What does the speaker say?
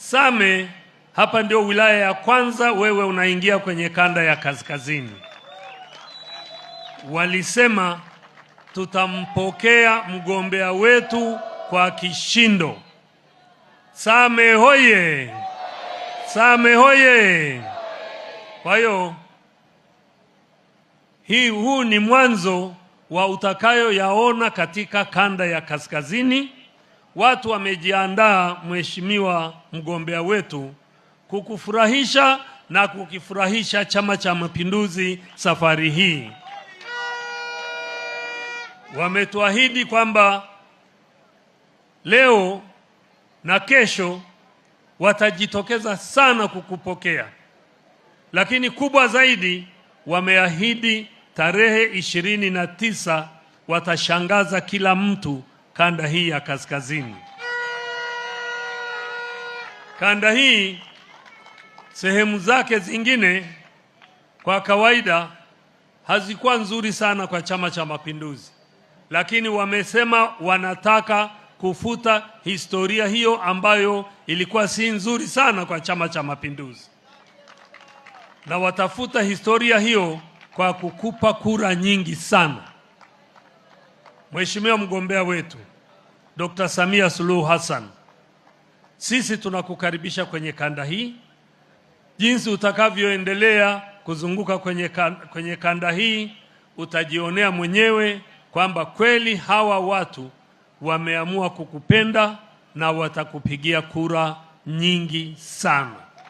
Same hapa ndio wilaya ya kwanza, wewe unaingia kwenye kanda ya kaskazini. Walisema tutampokea mgombea wetu kwa kishindo. Same hoye! Same hoye! Kwa hiyo hii, huu ni mwanzo wa utakayoyaona katika kanda ya kaskazini watu wamejiandaa, mheshimiwa mgombea wetu, kukufurahisha na kukifurahisha Chama cha Mapinduzi safari hii. Wametuahidi kwamba leo na kesho watajitokeza sana kukupokea, lakini kubwa zaidi wameahidi tarehe ishirini na tisa watashangaza kila mtu kanda hii ya kaskazini. Kanda hii sehemu zake zingine kwa kawaida hazikuwa nzuri sana kwa Chama cha Mapinduzi, lakini wamesema wanataka kufuta historia hiyo ambayo ilikuwa si nzuri sana kwa Chama cha Mapinduzi, na watafuta historia hiyo kwa kukupa kura nyingi sana, Mheshimiwa mgombea wetu. Dr. Samia Suluhu Hassan, sisi tunakukaribisha kwenye kanda hii. Jinsi utakavyoendelea kuzunguka kwenye kanda, kwenye kanda hii utajionea mwenyewe kwamba kweli hawa watu wameamua kukupenda na watakupigia kura nyingi sana.